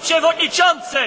przewodniczący!